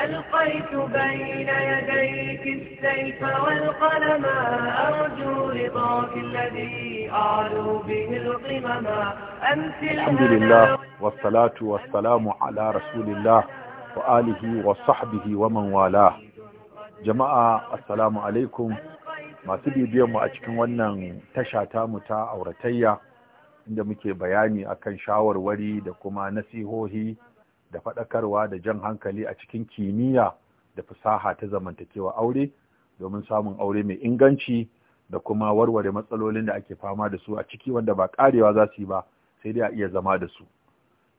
ألقيت بين يديك السيف والقلم أرجو رضاك الذي أعلو به القمم الحمد لله والصلاة والسلام على رسول الله وآله وصحبه ومن والاه جماعة السلام عليكم masu bibiyanmu a cikin wannan tasha tamu ta auratayya inda muke bayani akan shawarwari da kuma nasihohi da faɗakarwa da jan hankali a cikin kimiyya da fasaha ta zamantakewa aure domin samun aure mai inganci da kuma warware matsalolin da ake fama da su a ciki wanda ba ƙarewa za su yi ba sai dai a iya zama da su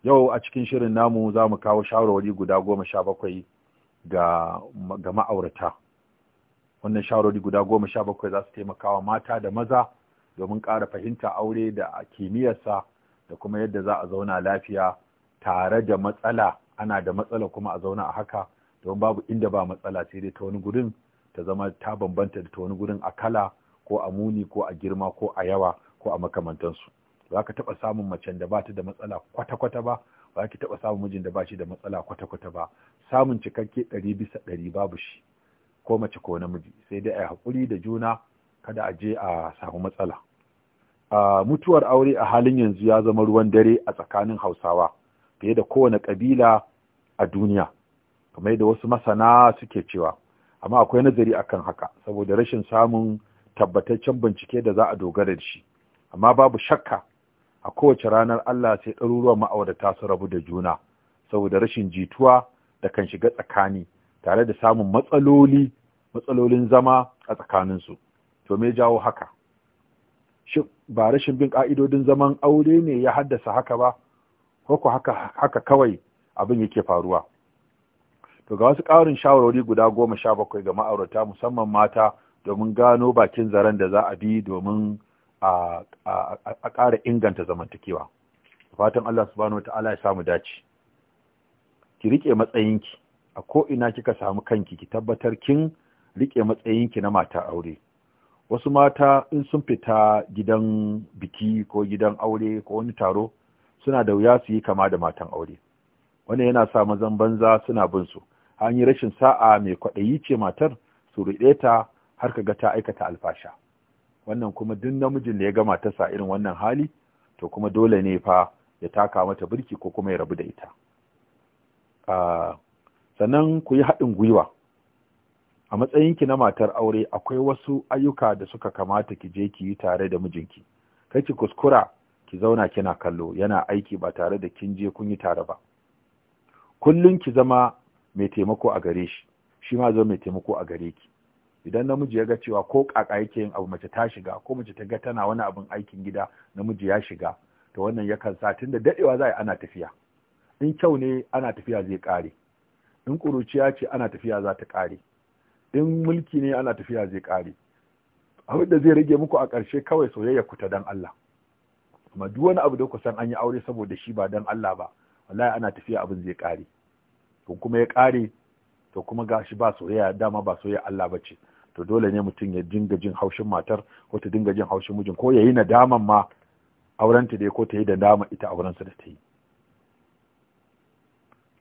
yau a cikin shirin namu za mu kawo shawarwari guda goma sha bakwai ga, ma'aurata wannan shawarwari guda goma sha bakwai za su taimakawa mata da maza domin ƙara fahimta aure da kimiyyarsa da kuma yadda za a zauna lafiya tare da matsala ana da matsala kuma a zauna a haka don babu inda ba matsala sai dai ta wani gurin ta zama ta bambanta da ta wani gurin a kala ko a muni ko a girma ko a yawa ko a makamantansu ba ka taɓa samun macen da ba ta da matsala kwata-kwata ba ba ki taɓa samun mijin da ba shi da matsala kwata-kwata ba samun cikakke ɗari bisa ɗari babu shi ko mace ko namiji sai dai a yi haƙuri da juna kada a je a samu matsala ah, mutuwar aure a halin yanzu ya zama ruwan dare a tsakanin hausawa fiye da kowane ƙabila a duniya kamar da wasu masana suke cewa amma akwai nazari akan haka saboda rashin samun tabbataccen bincike da za a dogara da shi amma babu shakka a kowace ranar Allah sai ɗaruruwan ma'aurata su rabu da juna saboda rashin jituwa da kan shiga tsakani tare da samun matsaloli matsalolin zama a tsakaninsu to me jawo haka ba rashin bin ƙa'idodin zaman aure ne ya haddasa haka ba ko ku haka haka kawai abin yake faruwa to ga wasu ƙarin shawarwari guda goma sha bakwai ga ma'aurata musamman mata domin gano bakin zaren da za a bi domin a ƙara inganta zamantakewa fatan Allah subhanahu wata'ala ya samu dace ki rike matsayinki a ko ina kika samu kanki ki tabbatar kin rike matsayinki na mata aure wasu mata in sun fita gidan biki ko gidan aure ko wani taro suna da wuya su yi kama da matan aure wannan yana sa mazan banza suna bin su an yi rashin sa'a mai kwaɗayi ce matar su riɗe ta har ka ga ta aikata alfasha wannan kuma duk namijin da ya ga matarsa irin wannan hali to kuma dole ne fa ya taka mata birki ko kuma ya rabu da ita sannan ku yi haɗin gwiwa a matsayinki na matar aure akwai wasu ayyuka da suka kamata ki je ki yi tare da mijinki kai ki kuskura ki zauna kina kallo yana aiki ba tare da kin je kun yi tare ba kullun ki zama mai taimako a gare shi shi ma zama mai taimako a gare ki idan namiji ya ga cewa ko kaka yake yin abu mace ta shiga ko mace ta ga tana wani abin aikin gida namiji ya shiga to wannan yakan sa da dadewa za a ana tafiya in kyau ne ana tafiya zai kare in kuruciya ce ana tafiya za ta kare in mulki ne ana tafiya zai kare abin da zai rage muku a ƙarshe kawai soyayya ku ta dan Allah amma duk wani abu da ku san an yi aure saboda shi ba dan Allah ba wallahi ana tafiya abin zai kare kun kuma ya kare to kuma gashi ba soyayya dama ba soyayya Allah ba ce to dole ne mutum ya dinga jin haushin matar ko ta dinga jin haushin mijin ko ya yi nadaman ma aurenta da ko ta yi da dama ita aurensa da ta yi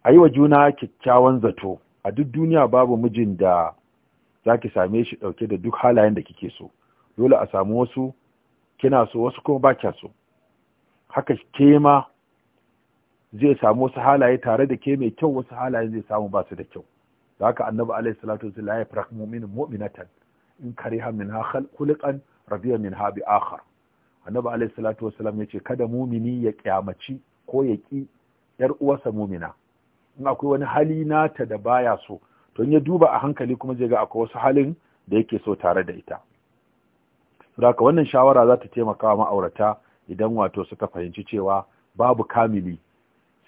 a wa juna kyakkyawan zato a duk duniya babu mijin da zaki same shi ɗauke da duk halayen da kike so dole a samu wasu kina so wasu kuma ba kya so haka ke ma zai samu wasu halaye tare da ke mai kyau wasu halaye zai samu ba su da kyau da haka annabi alaihi salatu wasallam ya fara mu'minin mu'minatan in kariha minha khulqan radiya ha bi akhar annabi alaihi salatu wasallam yace kada mumini ya kyamaci ko ya ki yar uwarsa mumina in akwai wani hali nata da baya so to in ya duba a hankali kuma zai ga akwai wasu halin da yake so tare da ita saboda wannan shawara za ta taimaka ma'aurata idan wato suka fahimci cewa babu kamili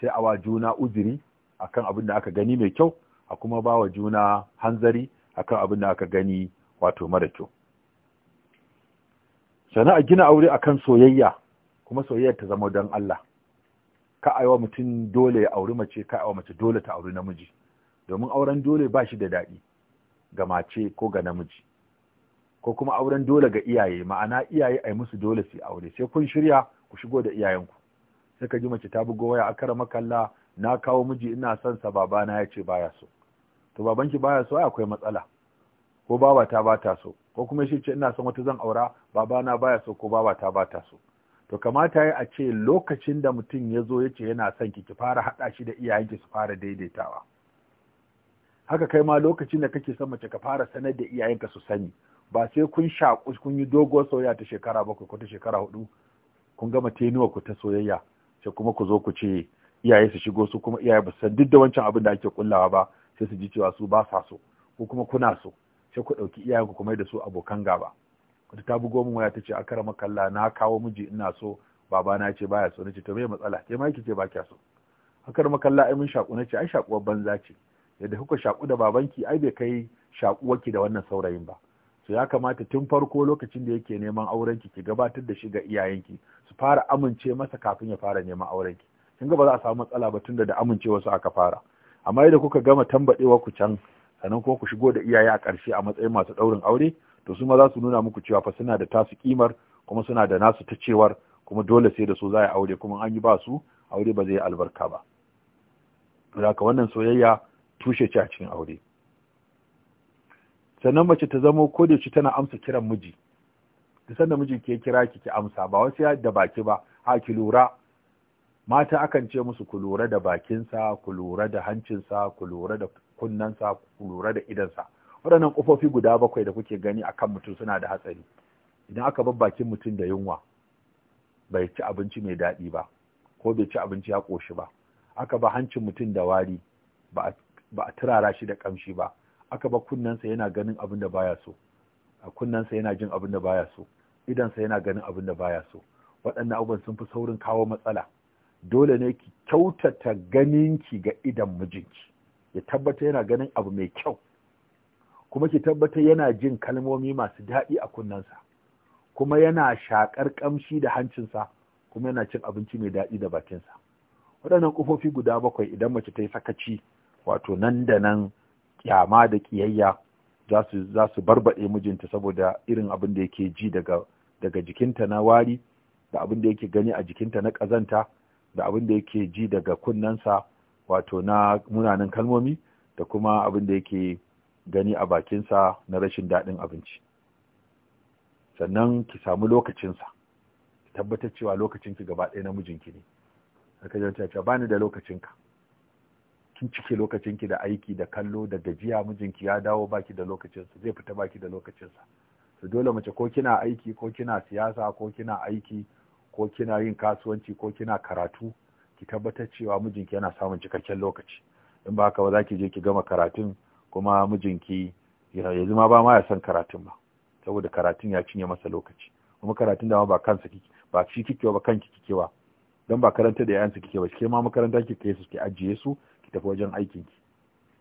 sai awa juna uzuri akan abin da aka gani mai kyau a kuma bawa juna hanzari akan abin da aka gani wato mara kyau sana'a gina aure akan soyayya kuma soyayyar ta zama don Allah ka aiwa mutum dole ya auri mace ka aiwa mace dole ta auri namiji domin auren dole ba shi da daɗi ga mace ko ga namiji ko kuma auren dole ga iyaye ma'ana iyaye a yi musu dole su aure sai kun shirya ku shigo da iyayenku sai ka ji mace ta bugo waya akara makalla na kawo miji ina son sa babana ya ce baya so to babanki baya so ai akwai matsala ko baba ta bata so ko kuma shi ce ina son wata zan aura babana baya so ko baba ta bata so to kamata ya a ce lokacin da mutum ya zo ya ce yana son ki ki fara haɗa shi da iyayenki su fara daidaitawa haka kai ma lokacin da kake son mace ka fara sanar da iyayenka su sani ba sai kun shaƙu kun yi doguwar soyayya ta shekara bakwai ko ta shekara hudu kun gama tenuwa ku ta soyayya sai kuma ku zo ku ce iyaye su shigo su kuma iyaye ba san duk da wancan abin da ake kullawa ba sai su ji cewa su ba sa so ko kuma kuna so sai ku ɗauki iyayen ku kuma da su abokan gaba wata ta bugo min waya ta ce a kara makalla na kawo miji ina so baba na ce baya so nace to me matsala ke ma kike ba kya so a kara makalla ai mun shaku nace ai shakuwar banza ce yadda kuka shaƙu da babanki ai bai kai ki da wannan saurayin ba su ya kamata tun farko lokacin da yake neman aurenki ki gabatar da shi ga iyayenki su fara amince masa kafin ya fara neman aurenki kin ga ba za a samu matsala ba tunda da amincewa su aka fara amma yadda kuka gama tambadewa ku can sannan kuma ku shigo da iyaye a ƙarshe a matsayin masu ɗaurin aure to su ma za su nuna muku cewa fa suna da tasu kimar kuma suna da nasu ta cewar kuma dole sai da su za a aure kuma an yi ba su aure ba zai albarka ba. Zaka wannan soyayya tushe ce a cikin aure. sannan mace ta zamo ko da tana amsa kiran miji duk sanda miji ke kira ki ki amsa ba wasu ya da baki ba a ki lura mata akan ce musu ku lura da bakinsa ku lura da hancinsa ku lura da kunnensa ku lura da idansa waɗannan kofofi guda bakwai da kuke gani akan mutum suna da hatsari idan aka bar bakin mutum da yunwa bai ci abinci mai daɗi ba ko bai ci abinci ya ƙoshi ba aka ba hancin mutum da wari ba a turara shi da ƙamshi ba aka ba kunnensa yana ganin abin da baya so a kunnensa yana jin abin da baya so idansa yana ganin abin da baya so waɗannan abubuwan sun fi saurin kawo matsala dole ne ki kyautata ganinki ga idan mijinki ya tabbata yana ganin abu mai kyau kuma ki tabbata yana jin kalmomi masu daɗi a kunnensa kuma yana shakar ƙamshi da hancinsa kuma yana cin abinci mai daɗi da bakinsa waɗannan ƙofofi guda bakwai idan mace ta yi sakaci wato nan da nan kyama da kiyayya za su barbaɗe mijinta saboda irin abin da yake ji daga jikinta na wari da abin da yake gani a jikinta na ƙazanta da abin da yake ji daga kunnensa wato na munanan kalmomi da kuma abin da yake gani a bakinsa na rashin daɗin abinci sannan ki samu lokacinsa tabbatar cewa lokacinki gaba ɗaya na mijinki ne aka ji ce ba ni da lokacinka kin cike lokacin ki da aiki da kallo da gajiya mijinki ya dawo baki da lokacin sa zai fita baki da lokacin sa to dole mace ko kina aiki ko kina siyasa ko kina aiki ko kina yin kasuwanci ko kina karatu ki tabbatar cewa mijinki yana samun cikakken lokaci in ba haka ba za ki je ki gama karatun kuma mijinki yanzu ma ba ma ya son karatun ba saboda karatun ya cinye masa lokaci kuma karatun da ma ba kansa kike ba shi kike ba kanki kike ba don ba karanta da yayansa kike ba ke ma makaranta kike su ki ajiye su tafi wajen aikin ki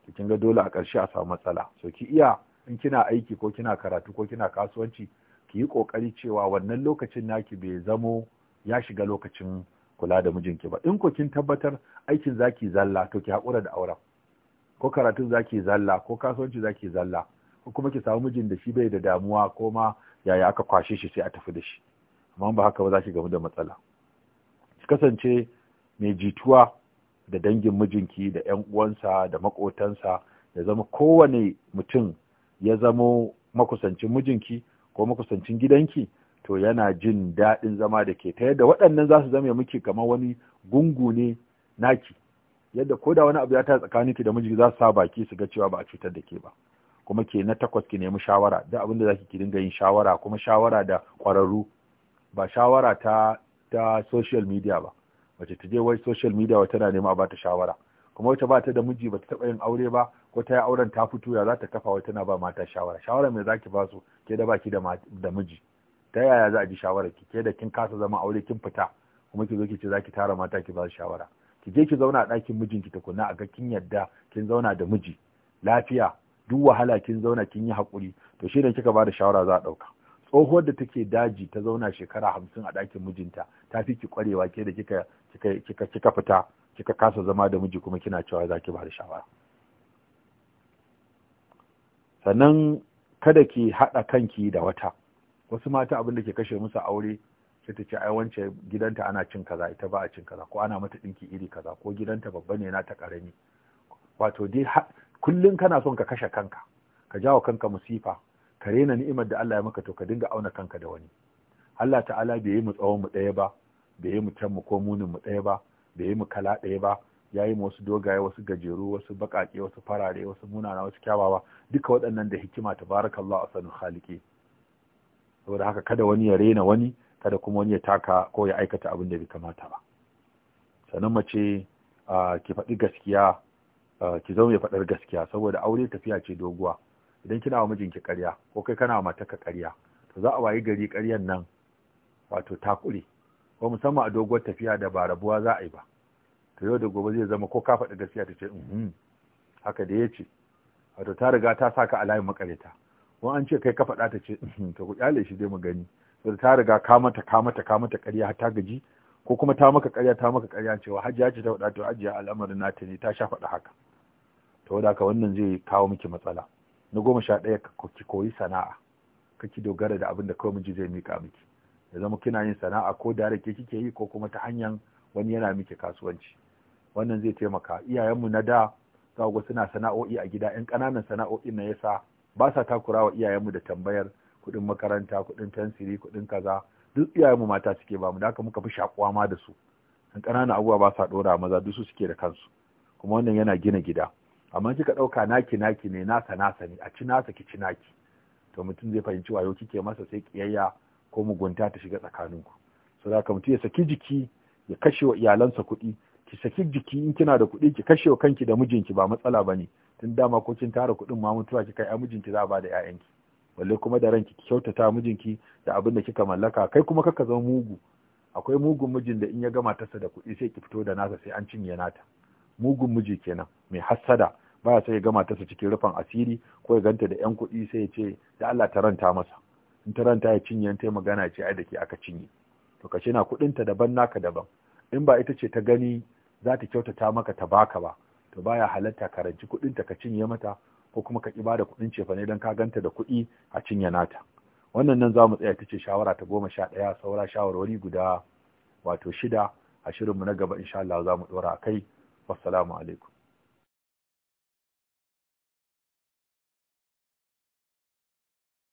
to kin ga dole a ƙarshe a samu matsala so ki iya in kina aiki ko kina karatu ko kina kasuwanci ki yi kokari cewa wannan lokacin naki bai zamo ya shiga lokacin kula da mijinki ba in ko kin tabbatar aikin zaki zalla to ki haƙura da auren ko karatun zaki zalla ko kasuwanci zaki zalla ko kuma ki samu mijin da shi bai da damuwa ko ma yaya aka kwashe shi sai a tafi da shi amma ba haka ba za ki gamu da matsala ki kasance mai jituwa da dangin mijinki da 'yan uwansa da makotansa ya zama kowane mutum ya zamo makusancin mijinki ko makusancin gidanki to yana jin daɗin zama da ke ta yadda waɗannan za su zama muki kamar wani gungu ne naki yadda ko da wani abu ya ta tsakaninki da miji za su sa baki su ga cewa ba a cutar da ke ba kuma ke na takwas ki nemi shawara da abin da zaki ki dinga yin shawara kuma shawara da ƙwararru ba shawara ta ta social media ba Bace ta je wai social media wa tana nema ba ta shawara kuma wata ba ta da miji ba ta taɓa yin aure ba ko ta yi auren ta fito ya za ta kafa wai tana ba mata shawara shawara mai zaki ki ba su ke da baki da miji ta yaya za a ji shawara ki ke da kin kasa zama aure kin fita kuma ki zo ki ce zaki tara mata ki ba su shawara ki je ki zauna a ɗakin mijinki tukuna a ga kin yadda kin zauna da miji lafiya duk wahala kin zauna kin yi hakuri? to shi ne kika ba da shawara za a ɗauka tsohuwar da take daji ta zauna shekara hamsin a ɗakin mijinta ta fi ki kwarewa ke da kika fita kika kasa zama da miji kuma kina cewa za ki ba da shawara sannan kada ki haɗa kanki da wata wasu mata abin da ke kashe musu aure sai ta ce ai wance gidanta ana cin kaza ita ba a cin kaza ko ana mata ɗinki iri kaza ko gidanta babba ne na ta ƙarami wato dai kullum kana son ka kashe kanka ka jawo kanka musifa ka rena ni'imar da Allah ya maka to ka dinga auna kanka da wani Allah ta'ala bai yi mu tsawon mu ɗaya ba bai yi mu can mu ko munin mu ɗaya ba bai yi mu kala ɗaya ba ya yi wasu dogaye wasu gajeru wasu baƙaƙe wasu farare wasu munana wasu kyawawa duka waɗannan da hikima ta tabarakallah a sanin khaliki saboda haka kada wani ya rena wani kada kuma wani ya taka ko ya aikata abin da bai kamata ba sannan mace ah, ki faɗi gaskiya ah, ki zama mai faɗar gaskiya saboda aure tafiya ce doguwa idan kina wa mijinki ƙarya ko kai kana wa matarka ƙarya to za a wayi gari ƙaryan nan wato takure ko musamman a doguwar tafiya da ba rabuwa za a yi ba to yau da gobe zai zama ko ka faɗi gaskiya ta ce mm-hmm, haka da ya ce wato ta riga ta saka a layin makareta ko an ce kai ka faɗa ta ce mm-hmm, to ku kyale shi dai mu gani to ta riga ka mata ka mata ka mata ƙarya har ta gaji ko kuma ta maka ƙarya ta maka ƙarya cewa hajiya ce ta faɗa to hajiya al'amarin nata ne ta sha faɗa haka to da haka wannan zai kawo miki matsala na goma sha ɗaya ki koyi sana'a kake dogara da abin da kawai miji zai mika miki ya zama kina yin sana'a ko da rake kike yi ko kuma ta hanyar wani yana miki kasuwanci wannan zai taimaka iyayenmu na da za ga suna sana'o'i a gida yan ƙananan sana'o'in na yasa ba sa takurawa iyayenmu da tambayar kuɗin makaranta kuɗin tansiri kuɗin kaza duk iyayenmu mata suke ba mu da haka muka fi shakuwa ma da su yan ƙananan abubuwa ba sa ɗora maza duk su suke da kansu kuma wannan yana gina gida amma kika ɗauka naki naki ne nasa nasa ne a ci nasa ki ci naki to mutum zai fahimci wayo kike masa sai kiyayya ko mugunta ta shiga tsakaninku so da mutum ya saki jiki ya kashe wa iyalansa kuɗi ki saki jiki in kina da kuɗi ki kashe wa kanki da mijinki ba matsala ba ne tun dama ko kin tara kuɗin ma mutuwa ki kai a mijinki za a ba da ƴaƴanki balle kuma da ranki ki kyautata mijinki da abin da kika mallaka kai kuma kaka zama mugu akwai mugun mijin da in ya gama tasa da kuɗi sai ki fito da nasa sai an cinye nata mugun miji kenan mai hassada baya sai ya gama ta su cikin rufin asiri ko ya ganta da yan kuɗi sai ya ce da Allah ta ranta masa in ta ranta ya cinye ta magana ce ai da ke aka cinye to kace na kuɗin ta daban naka daban in ba ita ce ta gani za ta kyautata maka ta baka ba to baya halatta ka ranci kuɗin ta ka cinye mata ko kuma ka ƙi bada da kuɗin cefa ne don ka ganta da kuɗi a cinye nata wannan nan za mu tsaya ta ce shawara ta goma sha ɗaya saura shawarwari guda wato shida a shirinmu na gaba insha Allah za mu ɗora a kai wassalamu alaikum